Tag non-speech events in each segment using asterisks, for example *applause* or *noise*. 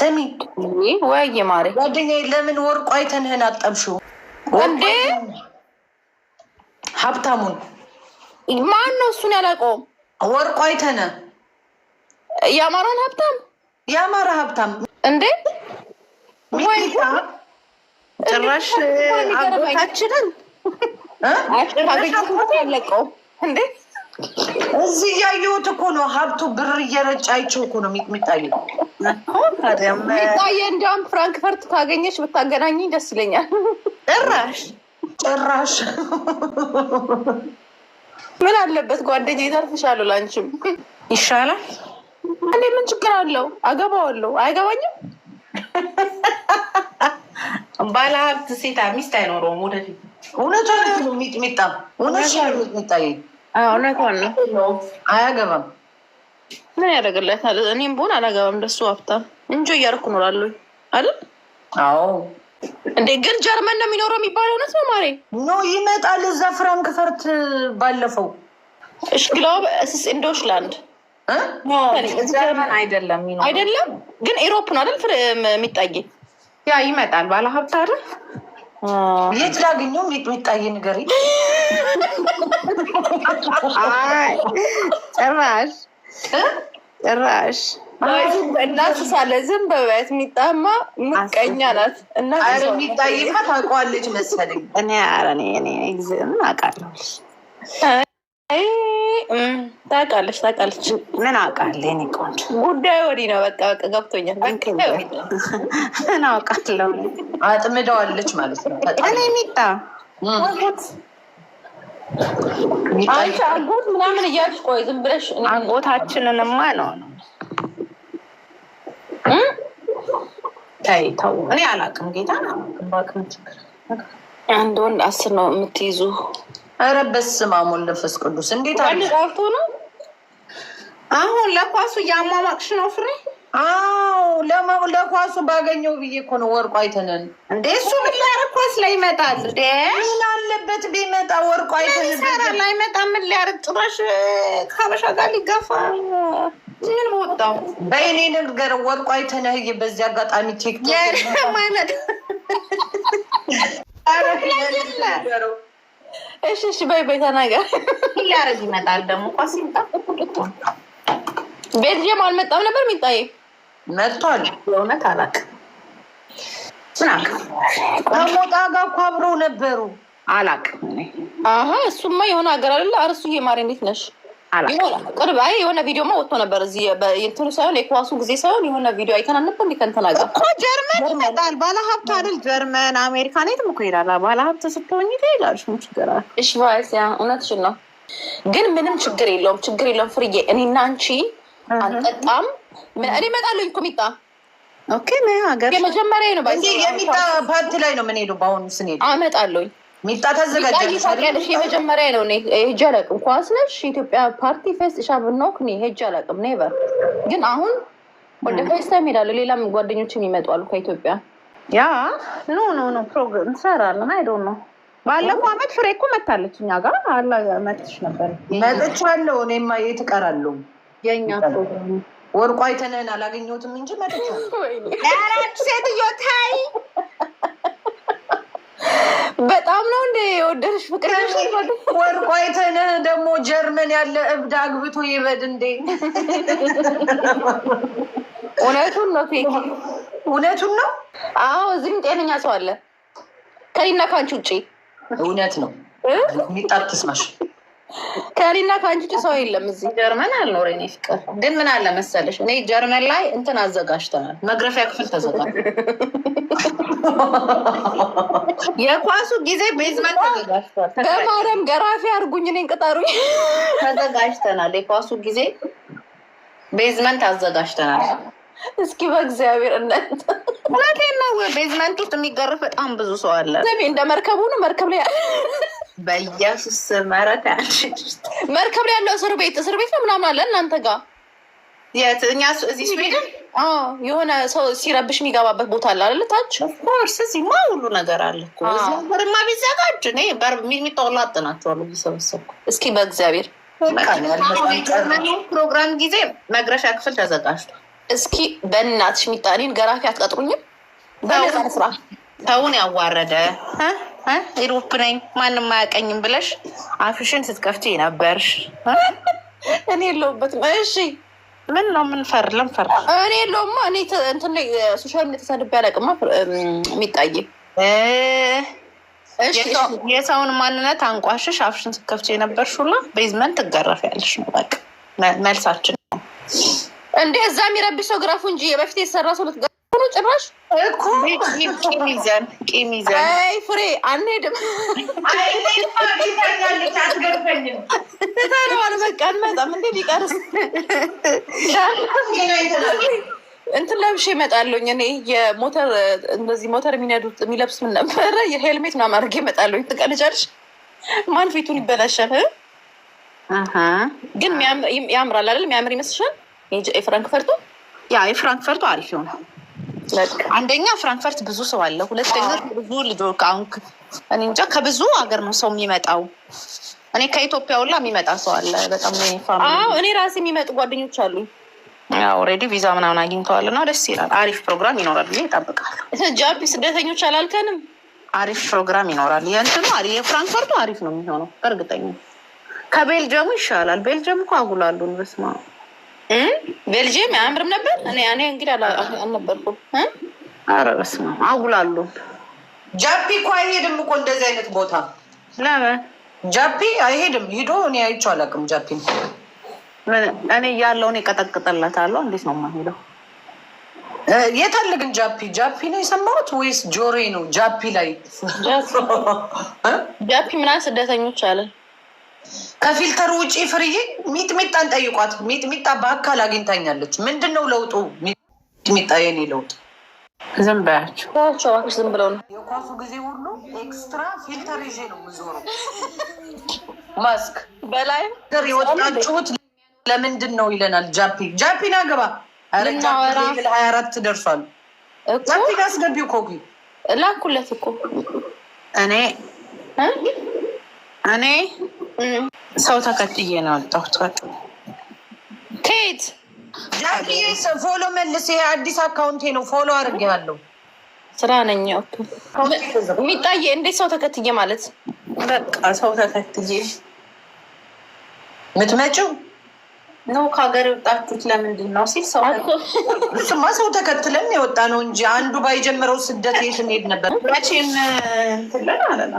ስሚ ወይ ማሬ ጓደኛዬ፣ ለምን ወርቁ አይተንህን አጠብሽው እንዴ? ሀብታሙን ማን ነው እሱን ያላውቀውም? ወርቁ አይተነ የአማራን ሀብታም የአማራ ሀብታም እንዴ? ወይ ጭራሽ አጎታችንን አለቀው እንዴ? እዚህ እያየሁት እኮ ነው። ሀብቱ ብር እየረጫ አይቼው እኮ ነው የሚታየው። ሚታየ እንዲያውም ፍራንክፈርት ካገኘች ብታገናኘኝ ደስ ይለኛል። ጭራሽ ጭራሽ ምን አለበት ጓደኛ ይተርፍሻሉ። ላንቺም ይሻላል። እኔ ምን ችግር አለው? አገባዋለሁ። አይገባኝም። ባለሀብት ሴት ሚስት አይኖረውም ወደፊት። እውነቷን ሚጥሚጣ እውነት ሚጥሚጣ እውነቷን ነው። አያገባም። ምን ያደርግለታል? እኔም ብሆን አላገባም። ደሱ ሀብታም እንጆ እያደረኩ እኖራለሁ አይደል? አዎ። እንዴ ግን ጀርመን ነው የሚኖረው የሚባለው እውነት ነው ማሬ? ኖ ይመጣል። እዛ ፍራንክፈርት ባለፈው እሽ እስስ ኢን አይደለም አይደለም፣ ግን ኢሮፕ ነው አይደል? የሚጣይ ያ ይመጣል ባለ ሀብት አይደል? የት ላገኘው ሚጣዬ ንገሪኝ። ጭራሽ ጭራሽ እናት ሳለ ዝም በበት ሚጣማ ምቀኛ ናት። እናት ሚጣዬማ ታውቀዋለች መሰለኝ። እኔ ኧረ እኔ እኔ አውቃለሁ ታውቃለች ታውቃለች። ምን አውቃለሁ የእኔ ቆንጆ ጉዳዩ ወዲህ ነው። በቃ በቃ ገብቶኛል። ምን አውቃለሁ አጥምደዋለች ማለት ነው። እኔ ሚጣ አንቺ አጎት ምናምን እያልሽ ቆይ ዝም ብለሽ አጎታችንንማ ነው ነው ተይ ተው። እኔ አላውቅም ጌታ ነው አንድ ወንድ አስር ነው የምትይዙ ኧረ በስመ አብ ወወልድ ወመንፈስ ቅዱስ እንዴት ቀርቶ ነው አሁን ለኳሱ እያሟሟቅሽ ነው ፍሬ? አዎ ለኳሱ ባገኘው ብዬ እኮ ነው። ወርቁ አይተነን እንዴ እሱ ምን ሊያደርግ ኳስ ላይ ይመጣል? ምን አለበት ቢመጣ? ወርቁ አይተነን ላይመጣ ምን ሊያደርግ ጭራሽ ከሀበሻ ጋር ሊገፋ ምን ወጣው? በይኔ ነገር ወርቁ አይተነህ ይ በዚህ አጋጣሚ ቴክ ማይመጣ እሺ፣ እሺ፣ በይ በይ ተናገር። ሊያረግ ይመጣል ደግሞ እኮ ሲመጣ ቤልጅየም አልመጣም ነበር የሚጣዬ መጥቷል። የእውነት አላውቅም። ከሞጣ ጋር እኮ አብረው ነበሩ። አላውቅም እሱማ የሆነ ሀገር አለ። አርሱዬ ማሬ እንዴት ነሽ? ቁርባይ የሆነ ቪዲዮ ማ ወጥቶ ነበር። እዚህ እንትኑ ሳይሆን የኳሱ ጊዜ ሳይሆን የሆነ ቪዲዮ አይተናል ነበር። እኮ ጀርመን ይመጣል ባለ ሀብት አይደል? ጀርመን አሜሪካን የትም እኮ ይሄዳል። ባለ ሀብት ስትሆኝ ትሄዳለሽ። ምን ችግር አለ? እሺ ያ እውነትሽን ነው፣ ግን ምንም ችግር የለውም። ችግር የለውም ፍርዬ። እኔና አንቺ አንጠጣም። እኔ እመጣለሁ እኮ ሚጣ ኦኬ። መጀመሪያ ነው የሚጣ ፓርቲ ላይ ነው ምን ሄዱ በአሁኑ ስንሄድ አመጣለሁኝ ሚጣ ተዘጋጅ የመጀመሪያ ነው። ሄጄ አላውቅም። ኳስ ነሽ የኢትዮጵያ ፓርቲ ፌስት ሻብናውክ እኔ ሄጄ አላውቅም። ኔቨር ግን አሁን ወደ ፌስታ ሄዳለሁ። ሌላም ጓደኞችም ይመጣሉ ከኢትዮጵያ። ያ ኖ ኖ ኖ ፕሮግራም እንሰራለን። አይ ዶንት ኖ ባለፈው አመት ፍሬ እኮ መታለች እኛ ጋር አላ መጥሽ ነበር። መጥቻለሁ። እኔማ የት እቀራለሁ? የእኛ ፕሮግራም ወርቋ የተነህን አላገኘሁትም እንጂ መጥቻለሁ። ሴትዮ ታይ በጣም ነው እንደ የወደደሽ ፍቅር ወርቆይትን ደግሞ ጀርመን ያለ እብድ አግብቶ ይበድ እንዴ! እውነቱን ነው ፌክ እውነቱን ነው። አዎ እዚህም ጤነኛ ሰው አለ ከኔና ከአንቺ ውጭ። እውነት ነው። ትስማሽ ከእኔና ከአንቺ ውጭ ሰው የለም እዚህ ጀርመን አልኖር። እኔ ፍቅር ግን ምን አለ መሰለሽ፣ እኔ ጀርመን ላይ እንትን አዘጋጅተናል፣ መግረፊያ ክፍል ተዘጋጅ። የኳሱ ጊዜ ቤዝመንት ተዘጋጅቷል። በማርያም ገራፊ አርጉኝ፣ እኔን ቅጠሩኝ። ተዘጋጅተናል። የኳሱ ጊዜ ቤዝመንት አዘጋጅተናል። እስኪ በእግዚአብሔር እናንተ እውነቴን ነው። ቤዝመንት ውስጥ የሚገርፍ በጣም ብዙ ሰው አለ። እንደ መርከቡ ነው መርከብ ላይ በኢየሱስ መረት መርከብ ላይ ያለው እስር ቤት እስር ቤት ነው ምናምን አለ እናንተ ጋር የት? እኛ እዚህ ስዊድን የሆነ ሰው ሲረብሽ የሚገባበት ቦታ አለ አለ ታች። ኦፍኮርስ እዚህማ ሁሉ ነገር አለ እኮ እዚህ ነገርማ ቢዘጋጅ እኔ ሚሚጣ ሁላ አጠናቸዋለሁ እየሰበሰብኩ። እስኪ በእግዚአብሔር ፕሮግራም ጊዜ መግረሻ ክፍል ተዘጋጅቷል። እስኪ በእናትሽ ሚጣኔን ገራፊ አትቀጥሩኝም? በነፃ ስራ ሰውን ያዋረደ ሮፕ ነኝ ማንም አያውቀኝም ብለሽ አፍሽን ስትከፍቺ ነበርሽ። እኔ የለሁበት። እሺ ምን ነው ምንፈር ለምፈር እኔ የለውማ። እኔ እንትን ሶሻል ሚዲያ ተሳድቤ አላውቅማ። የሚጣይ የሰውን ማንነት አንቋሽሽ አፍሽን ስትከፍቺ የነበርሽ ሁላ ቤዝመንት ትገረፊያለሽ ነው በቃ መልሳችን ነው እንዴ። እዛ የሚረብሽ ሰው ግራፉ እንጂ በፊት የተሰራ ሰው ነው ጭራሽ እኮ ይዘን ቂም ፍሬ አንሄድም። በቃ አንመጣም። እንዴ ቢቀርስ እንትን ለብሼ እመጣለሁኝ። እኔ የሞተር እንደዚህ ሞተር የሚነዱት የሚለብስ ምን ነበረ የሄልሜት ምናምን አድርጌ እመጣለሁኝ። ትቀንጫለሽ። ማን ፊቱን ይበላሻል። ግን ያምራል አይደል? የሚያምር ይመስልሻል? የፍራንክፈርቱ ያ የፍራንክፈርቱ አሪፍ ይሆናል። አንደኛ ፍራንክፈርት ብዙ ሰው አለ። ሁለተኛ ብዙ ልጆች አሁን እኔ እንጃ ከብዙ ሀገር ነው ሰው የሚመጣው። እኔ ከኢትዮጵያ ሁላ የሚመጣ ሰው አለ። በጣም እኔ ራሴ የሚመጡ ጓደኞች አሉ። ኦልሬዲ ቪዛ ምናምን አግኝተዋል እና ደስ ይላል። አሪፍ ፕሮግራም ይኖራል ብዬ ይጠብቃል። *laughs* ጃፒ ስደተኞች አላልከንም? አሪፍ ፕሮግራም ይኖራል። የእንትኑ የፍራንክፈርቱ አሪፍ ነው የሚሆነው በእርግጠኛ ከቤልጅየሙ ይሻላል። ቤልጅየም እኮ አጉላሉን በስማ ቤልጅየም አያምርም ነበር። እኔ እኔ እንግዲህ አልነበርኩም። አረ በስመ አብ አጉላሉ። ጃፒ እኮ አይሄድም እኮ እንደዚህ አይነት ቦታ ለምን ጃፒ አይሄድም? ሂዶ እኔ አይቼው አላውቅም። ጃፒ እኔ እያለሁ እኔ ቀጠቅጥለታለሁ። እንዴት ነው የማሄደው? የት አለ ግን ጃፒ? ጃፒ ነው የሰማሁት ወይስ ጆሬ ነው? ጃፒ ላይ ጃፒ ምናምን ስደተኞች አለን ከፊልተር ውጪ ፍርዬ ሚጥሚጣን ጠይቋት። ሚጥሚጣ በአካል አግኝታኛለች። ምንድን ነው ለውጡ? ሚጥሚጣ የኔ ለውጥ ዝም በያቸው፣ ዝም ብለው ነው የኳሱ ጊዜ ሁሉ ኤክስትራ ፊልተር ይዤ ነው የምዞረው። ማስክ በላይ የወጣችሁት ለምንድን ነው ይለናል። ጃፒ ጃፒን አገባ ሀያ አራት ደርሷል። ጃፒን አስገቢው ኮጊ ላኩለት እኮ እኔ እኔ ሰው ተከትዬ ነው ወጣሁት። ከየት ዳክዬ ፎሎ መልስ። ይሄ አዲስ አካውንቴ ነው፣ ፎሎ አድርጌያለሁ። ስራ ነኝ የሚታየ እንዴት ሰው ተከትዬ ማለት? በቃ ሰው ተከትዬ የምትመጪው ነው ከሀገር የወጣችሁት ለምንድን ነው ሲል ሰው ስማ፣ ሰው ተከትለን የወጣ ነው እንጂ አንዱ ባይጀምረው ስደት የት እንሄድ ነበር? መቼም ትለን አለና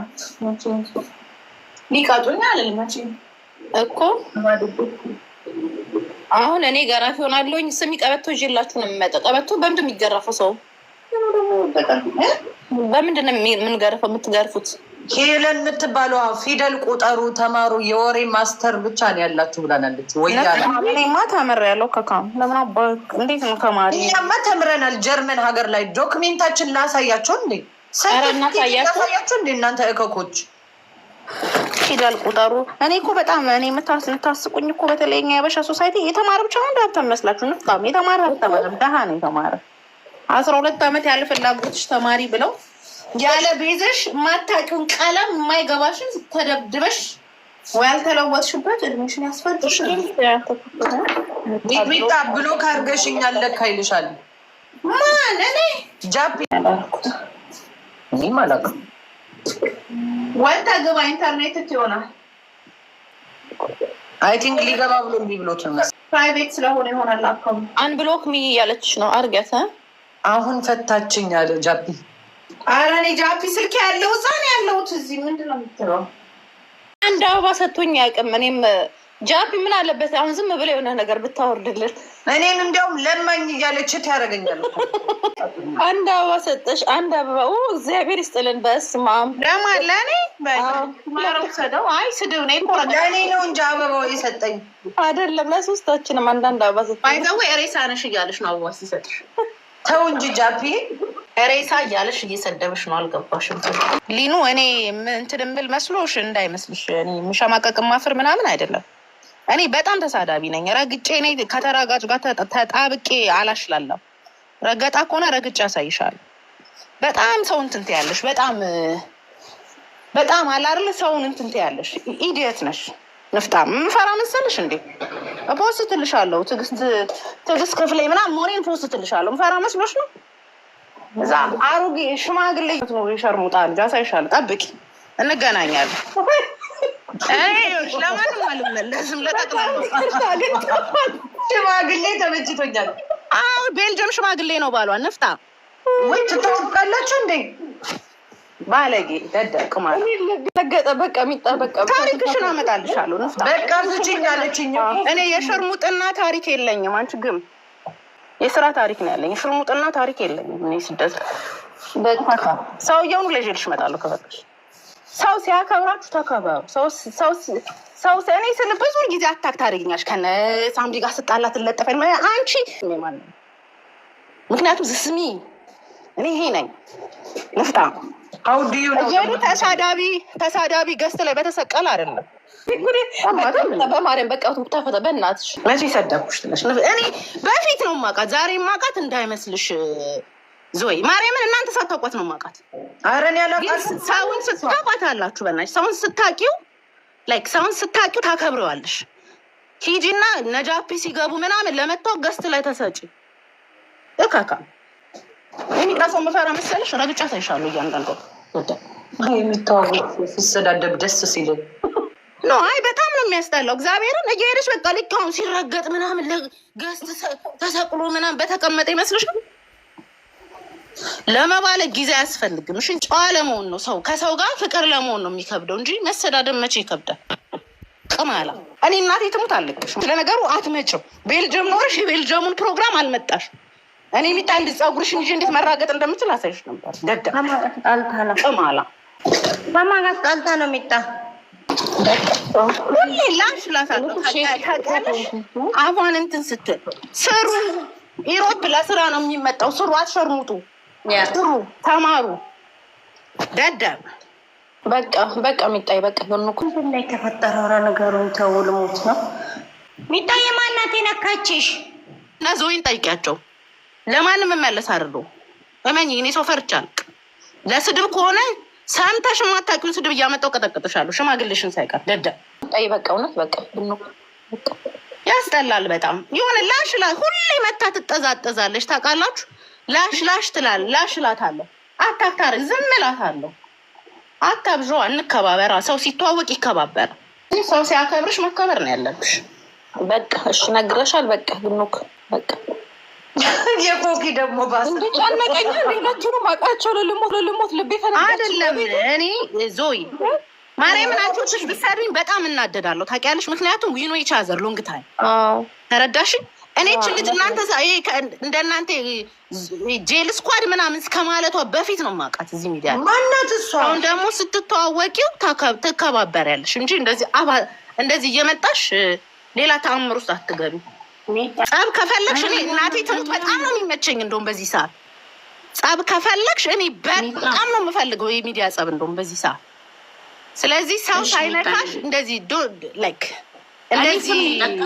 ሊቀጡኝ አለልማች እኮ አሁን እኔ ገራፊ ሆናለኝ። ስሚ ቀበቶ ይዤላችሁ ነው የሚመጣው። ቀበቶ በምንድን የሚገረፈው ሰው በምንድን ነው የምንገርፈው? የምትገርፉት ሄለን የምትባለ ፊደል ቁጠሩ፣ ተማሩ፣ የወሬ ማስተር ብቻ ነው ያላችሁ ብላናለች። ወያማ ተምር ያለው ከካም ለምን ነው ከማሪ እኛማ ተምረናል። ጀርመን ሀገር ላይ ዶክሜንታችን ላሳያቸው እንዴ? ሰያቸው እንዴ እናንተ እከኮች ፊደል ቁጠሩ። እኔ እኮ በጣም እኔ የምታስቁኝ እኮ በተለይ የበሻ ሶሳይቲ የተማረ ብቻ ነው ዳብታ መስላችሁ ንፍቃም የተማረ አልተማረም፣ ደሃ ነው የተማረ። አስራ ሁለት ዓመት ያለ ፍላጎትሽ ተማሪ ብለው ያለ ቤዘሽ ማታቂውን ቀለም የማይገባሽን ተደብድበሽ ያልተለወጥሽበት እድሜሽን ያስፈልግሽ። ሚጣ ብሎክ አድርገሽኛል ለካ ይልሻል። ማን እኔ ጃፒ እኔም አላውቅም ወጣ ገባ ኢንተርኔት ይሆናል። አይ ቲንክ ሊገባ ብሎ እምቢ ብሎት ነው መሰለኝ። ፕራይቬት ስለሆነ ይሆናል። አን ብሎክ ሚ ያለችሽ ነው አርገተ አሁን ፈታችኝ አለ ጃፒ። ኧረ እኔ ጃፒ ስልክ ያለው እዛ ነው ያለሁት። እዚህ ምንድን ነው የምትለው? አንድ አበባ ሰጥቶኝ አያውቅም። እኔም ጃፒ ምን አለበት አሁን ዝም ብለ የሆነ ነገር ብታወርድልን። እኔን እንዲያውም ለማኝ እያለችት ያደረገኛል። አንድ አበባ ሰጠሽ፣ አንድ አበባ እግዚአብሔር ይስጥልን። በስመ አብ ለማን ለእኔ ሰደው። አይ ስድብ ነ ለእኔ ነው እንጂ አበባው የሰጠኝ አይደለም። ለሶስታችንም አንዳንድ አበባ ሰጠ። አይዘዌ ሬሳ ነሽ እያለሽ ነው አበባ ሲሰጥሽ። ተው እንጂ ጃፒ ሬሳ እያለሽ እየሰደብሽ ነው። አልገባሽም ሊኑ። እኔ እንትን እምል መስሎሽ እንዳይመስልሽ። እኔ ማፍር ምናምን አይደለም እኔ በጣም ተሳዳቢ ነኝ። ረግጬ እኔ ከተራጋጭ ጋር ተጣብቄ አላሽላለሁ። ረገጣ ከሆነ ረግጬ ያሳይሻል። በጣም ሰው እንትንት ያለሽ በጣም በጣም አላርል ሰውን እንትንት ያለሽ ኢዲየት ነሽ። ንፍጣ ምፈራ መሰልሽ እንዴ? ፖስት ትልሻለሁ። ትግስት ክፍሌ ምናምን ሞኔን ፖስት ትልሻለሁ። ምፈራ መስሎሽ ነው? እዛ አሮጌ ሽማግሌ ሸርሙጣ ልጅ አሳይሻለሁ። ጠብቂ፣ እንገናኛለን። *laughs* ለምን ሽማግሌ ተመችቶኛል። አዎ ቤልጅየም ሽማግሌ ነው ባሏ። ነፍጣ ወይ ትታወቃላችሁ እንዴ? ባለጌ ደደቅ ማለት ለገጠ በቃ የሚጠበቀ ታሪክሽን አመጣልሻለሁ። ነፍጣ በቃ ስችኝ አለችኝ። እኔ የሽርሙጥና ታሪክ የለኝም። አንቺ ግን የስራ ታሪክ ነው ያለኝ። የሽርሙጥና ታሪክ የለኝም። እኔ ስደት ሰውየውን ለሽ እመጣለሁ ከፈለግሽ ሰው ሲያከብራችሁ ተከበሩ። ሰው እኔ ስል ብዙ ጊዜ አታክ ታደርጊኛለሽ። ከነ ሳምዲ ጋር ስጣላ ትለጠፈኝ አንቺ ማለ ምክንያቱም ዝስሚ እኔ ይሄ ነኝ ንፍጣ አውዲዩ ተሳዳቢ ተሳዳቢ ገስት ላይ በተሰቀል አይደለም በማርያም በቃ ተፈ በእናትሽ መቼ ሰደብኩሽ ትለሽ እኔ በፊት ነው ማቃት ዛሬ ማቃት እንዳይመስልሽ ዞይ ማርያምን እናንተ ሳታውቋት ነው ማውቃት። አረን ሰውን ስታውቋት አላችሁ። በእናትሽ ሰውን ስታቂው ላይክ ሰውን ስታቂው ታከብረዋለሽ። ሂጂና ነጃፒ ሲገቡ ምናምን ለመታወቅ ገስት ላይ ተሰጪ እካካ የሚጣ መፈራ መሰለሽ። ረግጫ አይሻሉ እያንዳንዱ የሚታወቅ ሲሰዳደብ ደስ ሲል ኖ አይ በጣም ነው የሚያስጠላው። እግዚአብሔርን እየሄደች በቃ ልክ አሁን ሲረገጥ ምናምን ገስት ተሰቅሎ ምናምን በተቀመጠ ይመስልሻል ለመባለ ጊዜ አያስፈልግም። እሺ ጨዋ ለመሆን ነው ሰው ከሰው ጋር ፍቅር ለመሆን ነው የሚከብደው እንጂ መሰዳደብ መቼ ይከብዳል? ቅማላ እኔ እናቴ ትሙት አለቅሽ። ለነገሩ አትመጭም። ቤልጅየም ኖርሽ የቤልጅየሙን ፕሮግራም አልመጣሽ። እኔ የሚጣ እንድ ፀጉርሽ እንጂ እንዴት መራገጥ እንደምችል አሳይሽ ነበር። ደደቅማላ በማጋት ጣልታ ነው የሚጣ ሁሌ ላንሽ ላሳለሽ አፏን እንትን ስትል ስሩ ኢሮፕ ለስራ ነው የሚመጣው። ስሩ አትሸርሙጡ። ጥሩ ተማሩ። ደደብ በቃ በቃ ሚጣይ በቃ ሆኑ ላይ ተፈጠረ ነገሩን ተው፣ ልሞት ነው ሚጣይ። ማናት የነካችሽ? እና ዞይን ጠይቂያቸው። ለማንም መመለስ አርዶ እመኝ። እኔ ሰው ፈርቻ ለስድብ ከሆነ ሰምተሽ የማታውቂውን ስድብ እያመጣሁ ቀጠቅጥሻለሁ፣ ሽማግሌሽን ሳይቀር ደደ ሚጣይ። በቃ እውነት በቃ ያስጠላል በጣም የሆነ ላሽ ላ ሁሌ መታ ትጠዛጠዛለች ታውቃላችሁ። ላሽ ላሽ ትላል ላሽ እላታለሁ። አታክታር ዝም እላታለሁ። አታብዥዋ፣ እንከባበራ። ሰው ሲተዋወቅ ይከባበር። ሰው ሲያከብርሽ መከበር ነው ያለብሽ። በቃ እሺ፣ ነግረሻል። በቃ ግኑክ በቃ የኮኪ ደግሞ ባስጨነቀኛ ሌላችኑ ማቃቸው ልልሞት ልልሞት ልቤ አደለም። እኔ ዞይ ማርያምን አንቺ ብትሰሪኝ በጣም እናደዳለሁ። ታውቂያለሽ፣ ምክንያቱም ዊኖ ይቻዘር ሎንግ ታይም ተረዳሽኝ። እኔ ችልት እናንተ እንደ እናንተ ጄል ስኳድ ምናምን እስከ በፊት ነው ማውቃት እዚህ ሚዲያ ማናት እሷ። አሁን ደግሞ ስትተዋወቂው ትከባበሪያለሽ እንጂ እንደዚህ እንደዚህ እየመጣሽ ሌላ ተአምር ውስጥ አትገቢ። ጸብ ከፈለግሽ እኔ እናቴ ትሙት በጣም ነው የሚመቸኝ። እንደውም በዚህ ሰዓት ጸብ ከፈለግሽ እኔ በጣም ነው የምፈልገው የሚዲያ ጸብ፣ እንደውም በዚህ ሰዓት። ስለዚህ ሰው ሳይነካሽ እንደዚህ ላይክ አይደለም።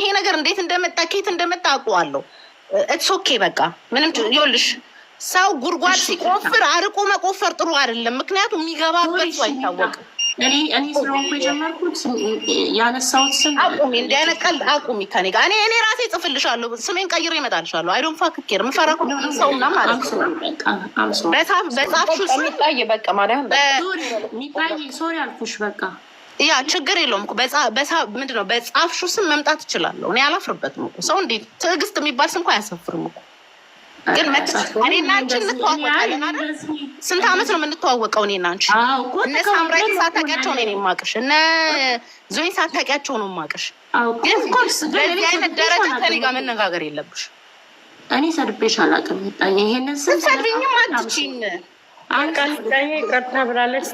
ይሄ ነገር እንዴት እንደመጣ ኬት እንደመጣ አውቀዋለሁ። እትስ ኦኬ በቃ ምንም ይኸውልሽ፣ ሰው ጉድጓድ ሲቆፍር አርቆ መቆፈር ጥሩ አይደለም። ምክንያቱም የሚገባበት አይታወቅም። እኔ ስለሆንኩ የጀመርኩት ያነሳሁት ስም አቁሚ፣ እንዲህ አይነት ቀልድ አቁሚ። ከኔ ጋር እኔ እኔ ራሴ ጽፍልሻለሁ፣ ስሜን ቀይሬ እመጣልሻለሁ። አይዶን ሰውና ማለት ነው። ሶሪ አልኩሽ፣ በቃ ያ ችግር የለውም። ምንድነው በጻፍሽው ስም መምጣት እችላለሁ። እኔ አላፍርበትም እኮ ሰው እንዴት ትዕግስት የሚባል ስም እኮ አያሳፍርም እኮ ግን እኔና አንቺ እንተዋወቃለን ስንት ዓመት ነው የምንተዋወቀው? እኔና አንቺ እነ ሳምራይን ሳታውቂያቸው ነው የማውቅሽ፣ እነ ዞይን ሳታውቂያቸው ነው የማውቅሽ። ግን በዚህ አይነት ደረጃ ከእኔ ጋር መነጋገር የለብሽ። እኔ ሰድቤሽ አላውቅም። ይሄንን ስሰድብኝም አትችይም። ይቅርታ ብላለች።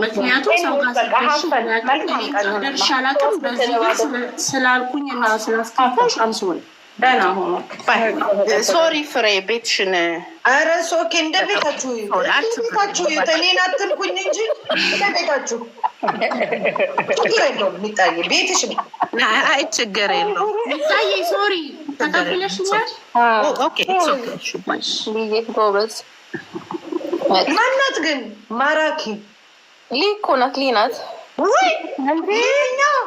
ምክንያቱም ሰው ጋር በዚህ ስላልኩኝ እና ስላስከፋሽ አምስሆነ ደህና ሆኖ ሶሪ ፍሬ ቤትሽን ኧረ ሶኬ እንደ ቤታችሁ እንደ ቤታችሁ እኔን አትልኩኝ እንጂ እንደ ቤታችሁ ችግር የለውም። ቤትሽ ነው። አይ ችግር የለውም። የሚታየ ሶሪ ጎበዝ ማናት ግን ማራኪ ሊ ናት። ሊ ናት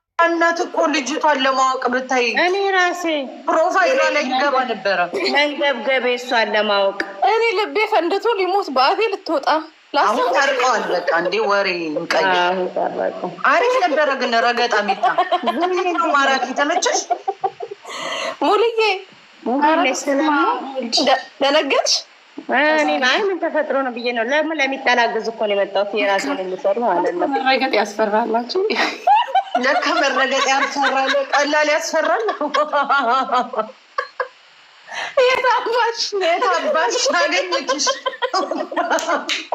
እናት እኮ ልጅቷን ለማወቅ ብታይ እኔ ራሴ ፕሮፋይሏ ላይ ይገባ ነበረ መንገብገቤ እሷን ለማወቅ እኔ ልቤ ፈንድቶ ሊሞት በአፌ ልትወጣ አሁን ታርቀዋል። በቃ እንዴ ወሬ እንቀይ አሪፍ ነበረ ግን ረገጣ ሚታ ነው ማራኪ ተመቸሽ ሙልዬ ደነገጥሽ? ምን ተፈጥሮ ነው ብዬ ነው ለምን ለሚጠላግዝ እኮ ነው የመጣሁት የራሴን የሚሰሩ ማለት ነው። ረገጥ ያስፈራላችሁ ለካ መረገጥ ያስፈራል። ቀላል ያስፈራል። የታባሽ የታባሽ አገኘችሽ።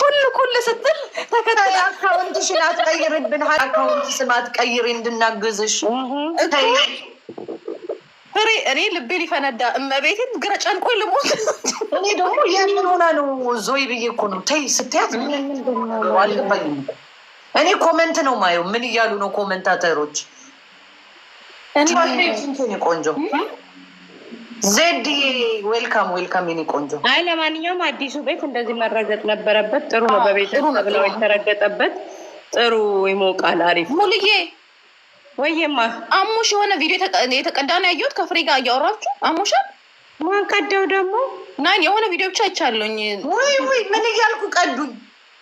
ኩል ኩል ስትል ተከታይ አካውንትሽን አትቀይርብን፣ አካውንት ስም አትቀይሪ እንድናግዝሽ። እኔ ልቤ ሊፈነዳ እመቤቴን ግረ ጨንቆ ልሞት። እኔ ደግሞ የምን ሆና ነው ዞይ ብዬ እኮ ነው ተይ ስትያት ምን አልገባኝም። እኔ ኮመንት ነው ማየው። ምን እያሉ ነው ኮመንታተሮች? ቆንጆ ዜድ ዌልካም ዌልካም። ኔ ቆንጆ። አይ ለማንኛውም አዲሱ ቤት እንደዚህ መረገጥ ነበረበት። ጥሩ ነው። በቤት ብለው የተረገጠበት ጥሩ ይሞቃል። አሪፍ ሙልዬ ወይማ አሙሽ የሆነ ቪዲዮ የተቀዳ ነው ያየሁት። ከፍሬ ጋር እያወራችሁ አሙሻል። ማን ቀደው ደግሞ? ናን የሆነ ቪዲዮ ብቻ አይቻለኝ። ወይ ወይ ምን እያልኩ ቀዱኝ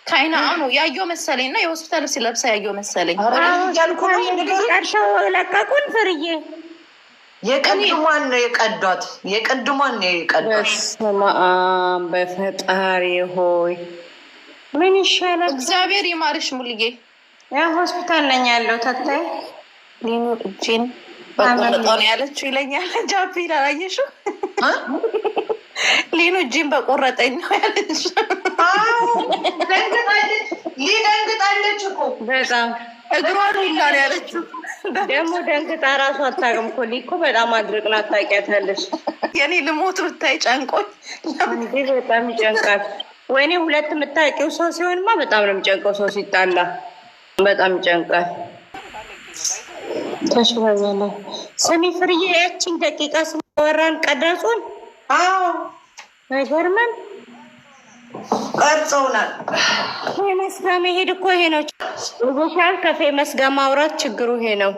ከአይነ አኑ ያየው መሰለኝ እና የሆስፒታል ልብስ ለብሳ ያየው መሰለኝ ለቀቁን። ፍርዬ የቅድሟን ነው የቀዷት፣ የቅድሟን ነው የቀዷት። በስመ አብ በፈጣሪ ሆይ ምን ይሻላል? እግዚአብሔር ይማርሽ ሙልዬ። ያ ሆስፒታል ነኝ ያለው ተታይ ሊኑ እጅን በጣም ያለችው ይለኛል። ጃፒ ላላየሽው ሊኑ እጅን በቆረጠኝ ነው ያለች። ደንግጣለች እኮ በጣም እግሯን ሁላ ነው ያለችው። ደግሞ ደንግጣ ራሱ አታውቅም እኮ ሊኮ በጣም አድርቅና ታውቂያታለች። የኔ ልሞት ብታይ ጨንቆኝ እንዴ! በጣም ይጨንቃል። ወይኔ ሁለት የምታውቂው ሰው ሲሆንማ በጣም ነው የሚጨንቀው። ሰው ሲጣላ በጣም ይጨንቃል። ተሽበዛለ ስሚ ፍርዬ፣ ያችን ደቂቃ ስወራን ቀረጹን አዎ አይገርምም? ቀርጸውናል። ፌመስ ጋር መሄድ እኮ ይሄ ነው። ከፌመስ ጋር ማውራት ችግሩ ይሄ ነው።